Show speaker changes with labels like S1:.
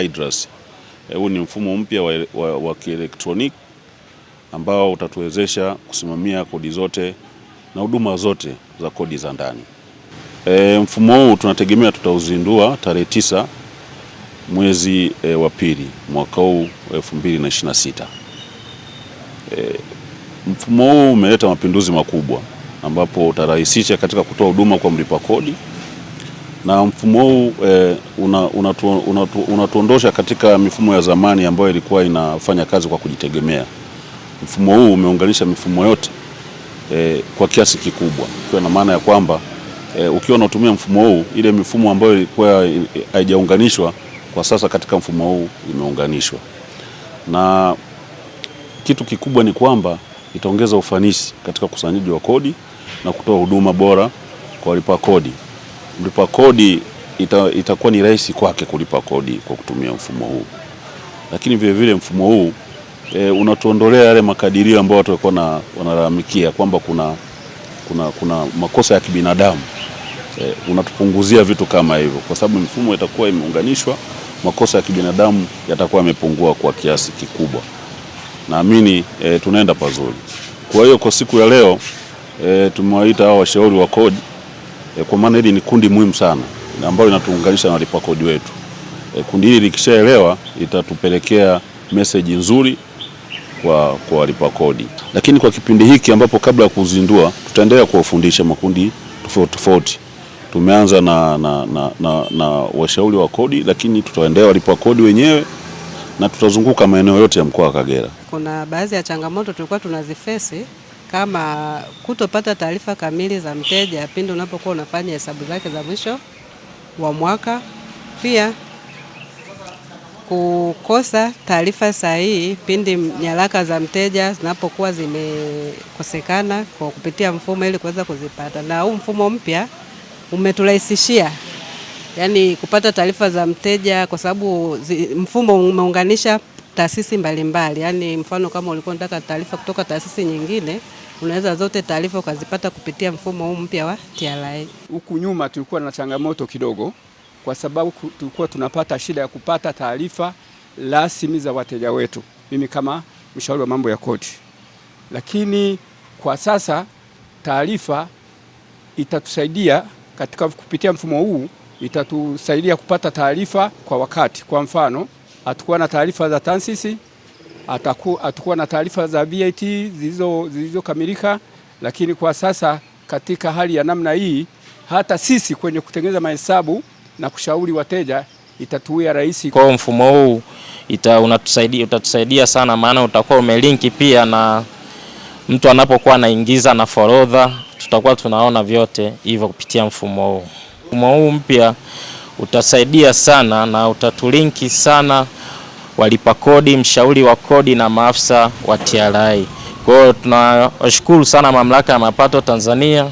S1: IDRAS. Eh, huu ni mfumo mpya wa, wa, wa kielektroniki ambao utatuwezesha kusimamia kodi zote na huduma zote za kodi za ndani. E, mfumo huu tunategemea tutauzindua tarehe tisa mwezi e, wa pili mwaka huu 2026. E, mfumo huu umeleta mapinduzi makubwa ambapo utarahisisha katika kutoa huduma kwa mlipa kodi na mfumo huu eh, unatuondosha una una, una katika mifumo ya zamani ambayo ilikuwa inafanya kazi kwa kujitegemea. Mfumo huu umeunganisha mifumo yote eh, kwa kiasi kikubwa, ikiwa na maana ya kwamba eh, ukiwa unatumia mfumo huu, ile mifumo ambayo ilikuwa haijaunganishwa kwa sasa katika mfumo huu imeunganishwa, na kitu kikubwa ni kwamba itaongeza ufanisi katika ukusanyaji wa kodi na kutoa huduma bora kwa walipa kodi mlipa kodi ita, itakuwa ni rahisi kwake kulipa kodi kwa kutumia mfumo huu, lakini vilevile mfumo huu e, unatuondolea yale makadirio ambayo watu walikuwa wanalalamikia kwamba kuna, kuna, kuna makosa ya kibinadamu e, unatupunguzia vitu kama hivyo, kwa sababu mfumo itakuwa imeunganishwa, makosa ya kibinadamu yatakuwa yamepungua kwa kiasi kikubwa. Naamini e, tunaenda pazuri. Kwa hiyo kwa siku ya leo e, tumewaita hao washauri wa kodi e, kwa maana hili ni kundi muhimu sana ambayo inatuunganisha na walipa kodi wetu. E, kundi hili likishaelewa itatupelekea meseji nzuri kwa, kwa walipa kodi. Lakini kwa kipindi hiki ambapo kabla ya kuzindua, tutaendelea kuwafundisha makundi tofauti tofauti. Tumeanza na, na, na, na, na washauri wa kodi, lakini tutaendelea walipa kodi wenyewe na tutazunguka maeneo yote ya mkoa wa Kagera.
S2: Kuna baadhi ya changamoto tulikuwa tunazifesi kama kutopata taarifa kamili za mteja pindi unapokuwa unafanya hesabu zake za mwisho wa mwaka, pia kukosa taarifa sahihi pindi nyaraka za mteja zinapokuwa zimekosekana kwa kupitia mfumo ili kuweza kuzipata. Na huu mfumo mpya umeturahisishia yani kupata taarifa za mteja, kwa sababu mfumo umeunganisha taasisi mbalimbali, yaani mfano kama ulikuwa unataka taarifa kutoka taasisi nyingine unaweza zote taarifa ukazipata kupitia mfumo huu mpya wa TRA.
S3: Huku nyuma tulikuwa na changamoto kidogo, kwa sababu tulikuwa tunapata shida ya kupata taarifa rasmi za wateja wetu, mimi kama mshauri wa mambo ya kodi. Lakini kwa sasa taarifa itatusaidia katika kupitia mfumo huu, itatusaidia kupata taarifa kwa wakati. Kwa mfano hatukuwa na taarifa za taasisi, hatukuwa na taarifa za VAT zilizokamilika, lakini kwa sasa katika hali ya namna hii, hata sisi kwenye kutengeneza mahesabu na kushauri wateja itatuia rahisi.
S4: Kwa mfumo huu ita, unatusaidia, utatusaidia sana, maana utakuwa umelinki pia na mtu anapokuwa anaingiza na forodha, tutakuwa tunaona vyote hivyo kupitia mfumo huu. Mfumo huu mpya utasaidia sana na utatulinki sana walipa kodi, mshauri wa kodi na maafisa wa TRA. Kwa hiyo tunawashukuru sana Mamlaka ya Mapato Tanzania